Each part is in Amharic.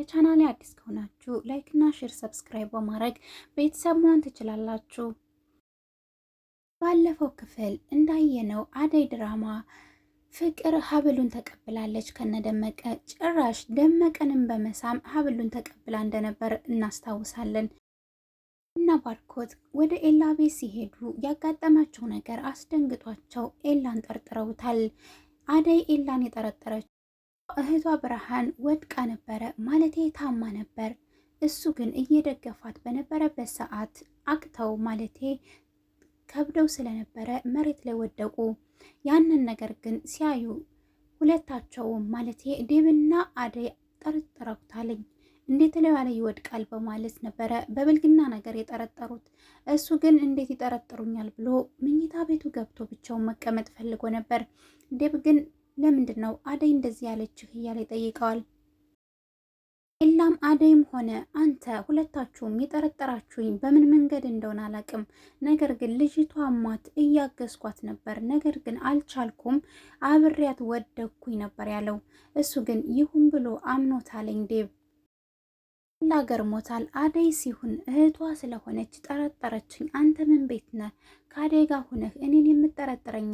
ለቻናሌ አዲስ ከሆናችሁ ላይክ እና ሼር ሰብስክራይብ በማድረግ ቤተሰብ መሆን ትችላላችሁ። ባለፈው ክፍል እንዳየነው አደይ ድራማ ፍቅር ሀብሉን ተቀብላለች ከነደመቀ ጭራሽ ደመቀንም በመሳም ሀብሉን ተቀብላ እንደነበር እናስታውሳለን። እና ባርኮት ወደ ኤላ ቤት ሲሄዱ ያጋጠማቸው ነገር አስደንግጧቸው ኤላን ጠርጥረውታል። አደይ ኤላን የጠረጠረች እህቷ ብርሃን ወድቃ ነበረ፣ ማለቴ ታማ ነበር። እሱ ግን እየደገፋት በነበረበት ሰዓት አቅተው ማለቴ ከብደው ስለነበረ መሬት ላይ ወደቁ። ያንን ነገር ግን ሲያዩ ሁለታቸውም ማለቴ ዴብና አደይ ጠርጥረውታለኝ። እንዴት ለው ይወድቃል በማለት ነበረ በብልግና ነገር የጠረጠሩት። እሱ ግን እንዴት ይጠረጥሩኛል ብሎ ምኝታ ቤቱ ገብቶ ብቻውን መቀመጥ ፈልጎ ነበር። ዴብ ግን ለምንድን ነው አደይ እንደዚህ ያለችህ እያለ ይጠይቀዋል። ኤላም አደይም ሆነ አንተ ሁለታችሁም የጠረጠራችሁኝ በምን መንገድ እንደሆነ አላቅም። ነገር ግን ልጅቷ አሟት እያገዝኳት ነበር፣ ነገር ግን አልቻልኩም፣ አብሬያት ወደኩኝ ነበር ያለው። እሱ ግን ይሁን ብሎ አምኖታለኝ ዴብ ሁላ ገርሞታል። አደይ ሲሆን እህቷ ስለሆነች ጠረጠረችኝ። አንተ ምን ቤት ነህ? ከአደይ ጋር ሁነህ እኔን የምጠረጥረኝ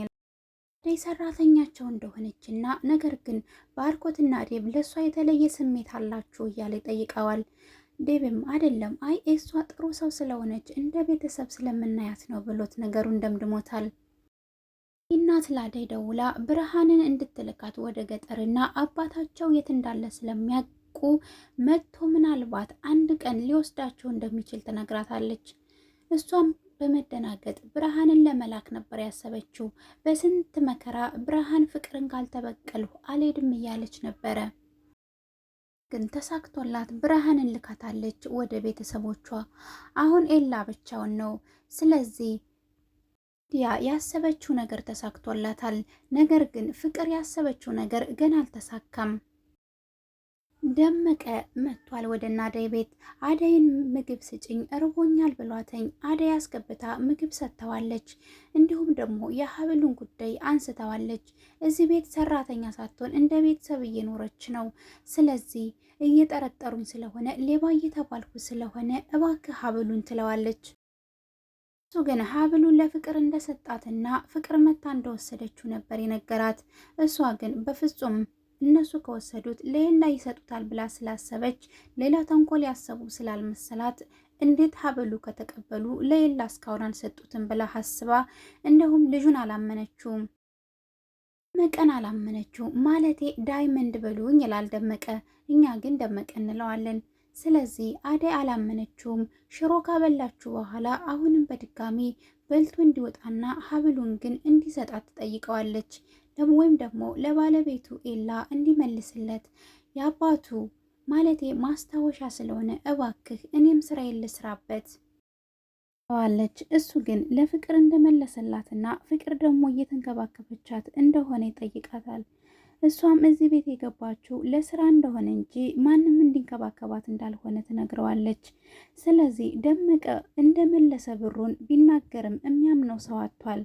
ዴይ ሰራተኛቸው እንደሆነችና ነገር ግን ባርኮትና ዴብ ለእሷ የተለየ ስሜት አላችሁ እያለ ይጠይቀዋል። ዴብም አይደለም፣ አይ እሷ ጥሩ ሰው ስለሆነች እንደ ቤተሰብ ስለምናያት ነው ብሎት ነገሩን ደምድሞታል። እናት ላደይ ደውላ ብርሃንን እንድትልካት ወደ ገጠርና አባታቸው የት እንዳለ ስለሚያውቁ መጥቶ ምናልባት አንድ ቀን ሊወስዳቸው እንደሚችል ትነግራታለች። እሷም በመደናገጥ ብርሃንን ለመላክ ነበር ያሰበችው። በስንት መከራ ብርሃን ፍቅርን ካልተበቀልሁ አልሄድም እያለች ነበረ። ግን ተሳክቶላት ብርሃንን ልካታለች ወደ ቤተሰቦቿ። አሁን ኤላ ብቻውን ነው። ስለዚህ ያ ያሰበችው ነገር ተሳክቶላታል። ነገር ግን ፍቅር ያሰበችው ነገር ገና አልተሳካም። ደመቀ መጥቷል ወደ አደይ ቤት። አደይን ምግብ ስጭኝ እርቦኛል ብሏተኝ አደይ አስገብታ ምግብ ሰጥተዋለች። እንዲሁም ደግሞ የሀብሉን ጉዳይ አንስተዋለች። እዚህ ቤት ሰራተኛ ሳትሆን እንደ ቤተሰብ እየኖረች ነው። ስለዚህ እየጠረጠሩኝ ስለሆነ ሌባ እየተባልኩ ስለሆነ እባክህ ሀብሉን ትለዋለች። እሱ ግን ሀብሉን ለፍቅር እንደሰጣትና ፍቅር መታ እንደወሰደችው ነበር የነገራት። እሷ ግን በፍጹም እነሱ ከወሰዱት ለሄና ይሰጡታል ብላ ስላሰበች ሌላ ተንኮል ያሰቡ ስላልመሰላት እንዴት ሀበሉ ከተቀበሉ ለሌላ እስካሁን አልሰጡትም ብላ ሀስባ፣ እንደሁም ልጁን አላመነችውም። ደመቀን አላመነችው ማለቴ ዳይመንድ በሉኝ ይላል ደመቀ፣ እኛ ግን ደመቀ እንለዋለን። ስለዚህ አደይ አላመነችውም። ሽሮ ካበላችሁ በኋላ አሁንም በድጋሚ በልቶ እንዲወጣና ሀብሉን ግን እንዲሰጣት ትጠይቀዋለች። ወይም ደግሞ ለባለቤቱ ኤላ እንዲመልስለት የአባቱ ማለቴ ማስታወሻ ስለሆነ እባክህ እኔም ስራዬን ልስራበት ዋለች። እሱ ግን ለፍቅር እንደመለሰላትና ፍቅር ደግሞ እየተንከባከበቻት እንደሆነ ይጠይቃታል። እሷም እዚህ ቤት የገባችው ለስራ እንደሆነ እንጂ ማንም እንዲንከባከባት እንዳልሆነ ትነግረዋለች። ስለዚህ ደመቀ እንደመለሰ ብሩን ቢናገርም የሚያምነው ሰው አጥቷል።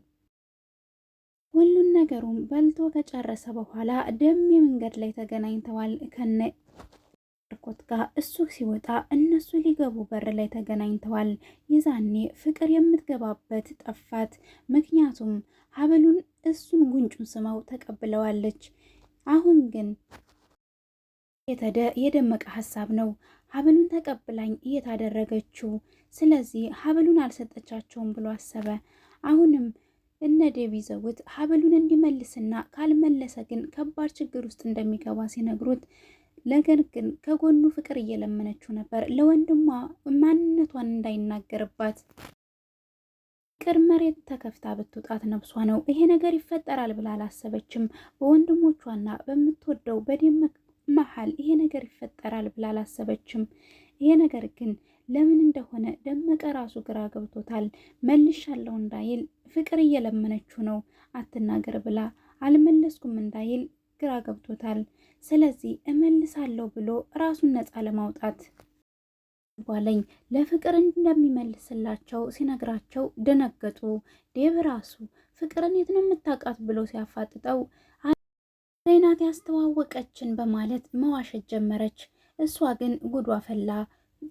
ሁሉን ነገሩን በልቶ ከጨረሰ በኋላ ደሜ መንገድ ላይ ተገናኝተዋል ከነ ርኮት ጋር እሱ ሲወጣ እነሱ ሊገቡ በር ላይ ተገናኝተዋል። የዛኔ ፍቅር የምትገባበት ጠፋት። ምክንያቱም ሀብሉን እሱን ጉንጩን ስማው ተቀብለዋለች። አሁን ግን የተደ የደመቀ ሀሳብ ነው ሀብሉን ተቀብላኝ እየታደረገችው ስለዚህ ሀብሉን አልሰጠቻቸውም ብሎ አሰበ። አሁንም እነ ዴቭ ይዘውት ሀብሉን እንዲመልስና ካልመለሰ ግን ከባድ ችግር ውስጥ እንደሚገባ ሲነግሩት ነገር ግን ከጎኑ ፍቅር እየለመነችው ነበር ለወንድሟ ማንነቷን እንዳይናገርባት። ፍቅር መሬት ተከፍታ ብትውጣት ነብሷ ነው። ይሄ ነገር ይፈጠራል ብላ አላሰበችም። በወንድሞቿና በምትወደው በደም መሀል ይሄ ነገር ይፈጠራል ብላ አላሰበችም። ይሄ ነገር ግን ለምን እንደሆነ ደመቀ ራሱ ግራ ገብቶታል። መልሻለሁ እንዳይል ፍቅር እየለመነችው ነው አትናገር ብላ አልመለስኩም እንዳይል ግራ ገብቶታል። ስለዚህ እመልሳለሁ ብሎ ራሱን ነፃ ለማውጣት ባለኝ ለፍቅር እንደሚመልስላቸው ሲነግራቸው ደነገጡ። ዴብ ራሱ ፍቅርን የት ነው የምታውቃት ብሎ ሲያፋጥጠው ናት ያስተዋወቀችን በማለት መዋሸት ጀመረች። እሷ ግን ጉዷ ፈላ።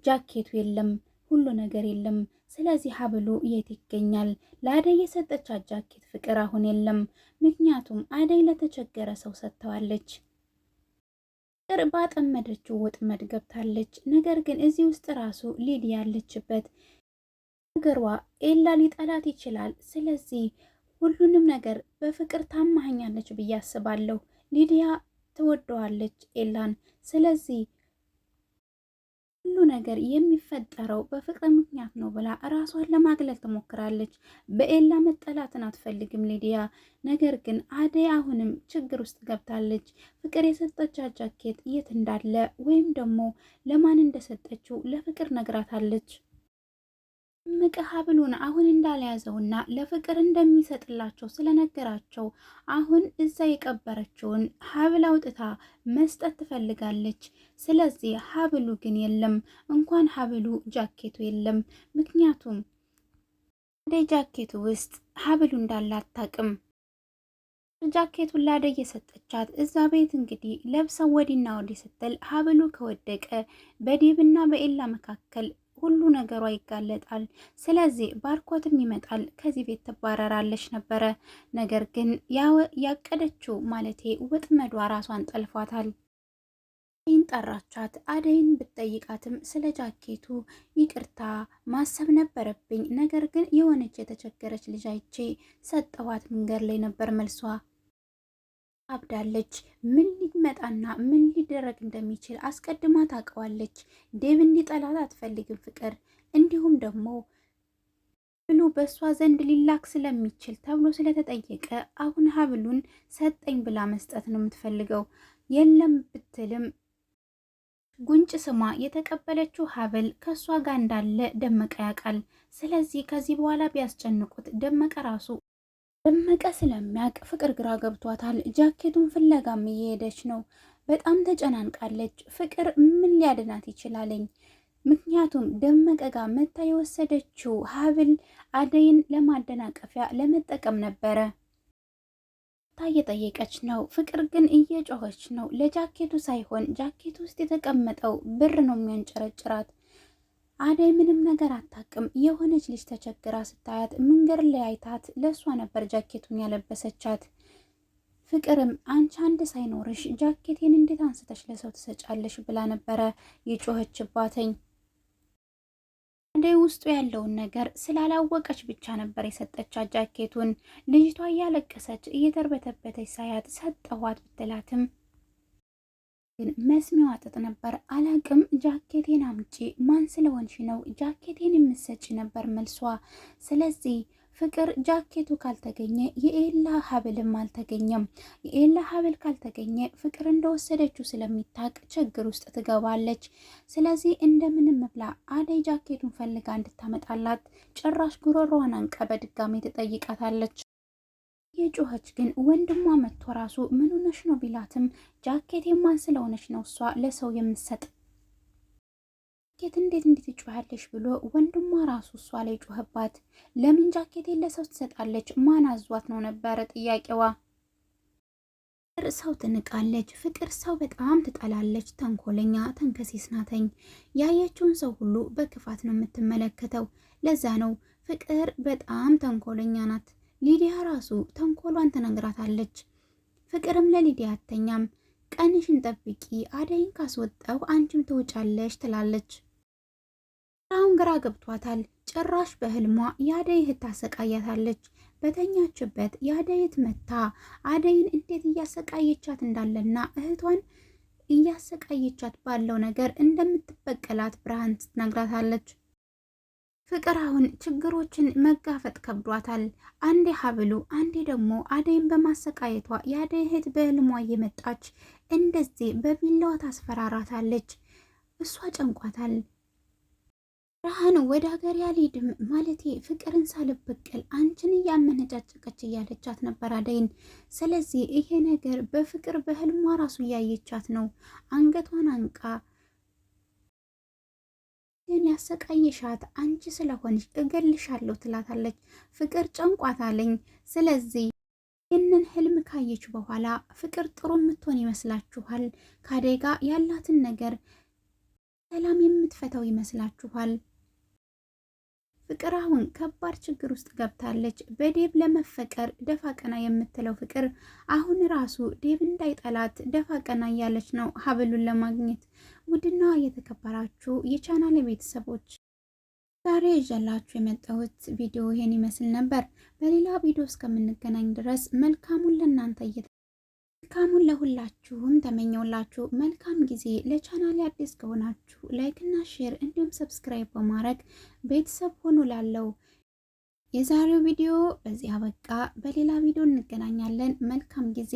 ጃኬቱ የለም፣ ሁሉ ነገር የለም። ስለዚህ ሀብሉ የት ይገኛል? ለአደይ የሰጠቻት ጃኬት ፍቅር አሁን የለም። ምክንያቱም አደይ ለተቸገረ ሰው ሰጥተዋለች። ፍቅር ባጠመደችው ወጥመድ ገብታለች። ነገር ግን እዚህ ውስጥ ራሱ ሊዲያ ያለችበት ነገሯ ኤላ ሊጠላት ይችላል። ስለዚህ ሁሉንም ነገር በፍቅር ታማኛለች ብዬ አስባለሁ። ሊዲያ ትወደዋለች ኤላን። ስለዚህ ሁሉ ነገር የሚፈጠረው በፍቅር ምክንያት ነው ብላ ራሷን ለማግለል ትሞክራለች። በኤላ መጠላትን አትፈልግም ሊዲያ። ነገር ግን አደይ አሁንም ችግር ውስጥ ገብታለች። ፍቅር የሰጠቻት ጃኬት የት እንዳለ ወይም ደግሞ ለማን እንደሰጠችው ለፍቅር ነግራታለች። እምቅ ሀብሉን አሁን እንዳልያዘውና ለፍቅር እንደሚሰጥላቸው ስለነገራቸው አሁን እዛ የቀበረችውን ሀብል አውጥታ መስጠት ትፈልጋለች። ስለዚህ ሀብሉ ግን የለም፣ እንኳን ሀብሉ ጃኬቱ የለም። ምክንያቱም አደይ ጃኬቱ ውስጥ ሀብሉ እንዳለ አታውቅም። ጃኬቱን ላደይ የሰጠቻት እዛ ቤት እንግዲህ ለብሰው ወዲና ወዲህ ስትል ሀብሉ ከወደቀ በዴብና በኤላ መካከል ሁሉ ነገሯ ይጋለጣል። ስለዚህ ባርኮትም ይመጣል። ከዚህ ቤት ትባረራለች ነበረ። ነገር ግን ያቀደችው ማለቴ ወጥመዷ ራሷን ጠልፏታል። አደይን ጠራቻት። አደይን ብትጠይቃትም ስለ ጃኬቱ ይቅርታ ማሰብ ነበረብኝ፣ ነገር ግን የሆነች የተቸገረች ልጅ አይቼ ሰጠኋት። መንገድ ላይ ነበር መልሷ አብዳለች። ምን ሊመጣና ምን ሊደረግ እንደሚችል አስቀድማ ታውቀዋለች። ዴቭ እንዲጠላት አትፈልግም ፍቅር እንዲሁም ደግሞ ብሉ በእሷ ዘንድ ሊላክ ስለሚችል ተብሎ ስለተጠየቀ አሁን ሀብሉን ሰጠኝ ብላ መስጠት ነው የምትፈልገው። የለም ብትልም ጉንጭ ስማ የተቀበለችው ሀብል ከእሷ ጋር እንዳለ ደመቀ ያውቃል። ስለዚህ ከዚህ በኋላ ቢያስጨንቁት ደመቀ ራሱ ደመቀ ስለሚያውቅ ፍቅር ግራ ገብቷታል። ጃኬቱን ፍለጋም እየሄደች ነው። በጣም ተጨናንቃለች። ፍቅር ምን ሊያድናት ይችላለኝ? ምክንያቱም ደመቀ ጋር መታ የወሰደችው ሀብል አደይን ለማደናቀፊያ ለመጠቀም ነበረ። እየጠየቀች ነው። ፍቅር ግን እየጮኸች ነው። ለጃኬቱ ሳይሆን ጃኬቱ ውስጥ የተቀመጠው ብር ነው የሚያንጨረጭራት። አደይ ምንም ነገር አታውቅም። የሆነች ልጅ ተቸግራ ስታያት መንገድ ላይ አይታት ለእሷ ነበር ጃኬቱን ያለበሰቻት። ፍቅርም አንቺ አንድ ሳይኖርሽ ጃኬቴን እንዴት አንስተሽ ለሰው ትሰጫለሽ ብላ ነበረ የጮኸችባትኝ። አደይ ውስጡ ያለውን ነገር ስላላወቀች ብቻ ነበር የሰጠቻት ጃኬቱን። ልጅቷ እያለቀሰች እየተርበተበተች ሳያት ሰጠኋት ብትላትም ግን መስሚዋ ጥጥ ነበር። አላቅም ጃኬቴን አምጪ ማን ስለሆንሽ ነው ጃኬቴን የምሰጪ ነበር መልሷ። ስለዚህ ፍቅር ጃኬቱ ካልተገኘ የኤላ ሀብልም አልተገኘም። የኤላ ሀብል ካልተገኘ ፍቅር እንደወሰደችው ስለሚታቅ ችግር ውስጥ ትገባለች። ስለዚህ እንደምንም ብላ አደይ ጃኬቱን ፈልጋ እንድታመጣላት ጭራሽ ጉሮሮዋን አንቀበ ድጋሜ ትጠይቃታለች። የጮኸች ግን ወንድሟ መጥቶ ራሱ ምን ሆነሽ ነው ቢላትም ጃኬት የማን ስለሆነች ነው እሷ ለሰው የምትሰጥ ጃኬት እንዴት እንዴት ትጮኸለሽ ብሎ ወንድሟ ራሱ እሷ ላይ ጮኸባት። ለምን ጃኬት ለሰው ትሰጣለች? ማን አዟት ነው ነበረ ጥያቄዋ። ፍቅር ሰው ትንቃለች። ፍቅር ሰው በጣም ትጠላለች። ተንኮለኛ ተንከሴስ ናተኝ። ያየችውን ሰው ሁሉ በክፋት ነው የምትመለከተው። ለዛ ነው ፍቅር በጣም ተንኮለኛ ናት። ሊዲያ ራሱ ተንኮሏን ትነግራታለች። ፍቅርም ለሊዲያ አተኛም ቀንሽን ጠብቂ፣ አደይን ካስወጣው አንቺም ትውጫለሽ ትላለች። አሁን ግራ ገብቷታል። ጭራሽ በህልሟ የአደይ እህት ታሰቃያታለች። በተኛችበት የአደይ እህት መታ አደይን እንዴት እያሰቃየቻት እንዳለና እህቷን እያሰቃየቻት ባለው ነገር እንደምትበቀላት ብርሃን ትነግራታለች። ፍቅር አሁን ችግሮችን መጋፈጥ ከብዷታል። አንዴ ሀብሉ፣ አንዴ ደግሞ አደይን በማሰቃየቷ የአደይ እህት በህልሟ እየመጣች እንደዚህ በቢላዋ ታስፈራራታለች። እሷ ጨንቋታል። ብርሃን ወደ ሀገር ያልሄድም ማለቴ ፍቅርን ሳልበቀል አንቺን እያመነጫጨቀች እያለቻት ነበር አደይን። ስለዚህ ይሄ ነገር በፍቅር በህልሟ ራሱ እያየቻት ነው አንገቷን አንቃ ግን ያሰቃየሻት አንቺ ስለሆንሽ እገልሻለሁ ትላታለች። ፍቅር ጨንቋታለኝ። ስለዚህ ይህንን ህልም ካየች በኋላ ፍቅር ጥሩ የምትሆን ይመስላችኋል? ካደጋ ጋር ያላትን ነገር ሰላም የምትፈታው ይመስላችኋል? ፍቅር አሁን ከባድ ችግር ውስጥ ገብታለች። በዴብ ለመፈቀር ደፋ ቀና የምትለው ፍቅር አሁን ራሱ ዴብ እንዳይጠላት ደፋ ቀና እያለች ነው ሀብሉን ለማግኘት። ውድና የተከበራችሁ የቻናል ቤተሰቦች ዛሬ ይዤላችሁ የመጣሁት ቪዲዮ ይሄን ይመስል ነበር። በሌላ ቪዲዮ እስከምንገናኝ ድረስ መልካሙን ለእናንተ መልካሙን ለሁላችሁም ተመኘውላችሁ። መልካም ጊዜ። ለቻናል አዲስ ከሆናችሁ ላይክ እና ሼር እንዲሁም ሰብስክራይብ በማድረግ ቤተሰብ ሆኑ ላለው የዛሬው ቪዲዮ በዚህ አበቃ። በሌላ ቪዲዮ እንገናኛለን። መልካም ጊዜ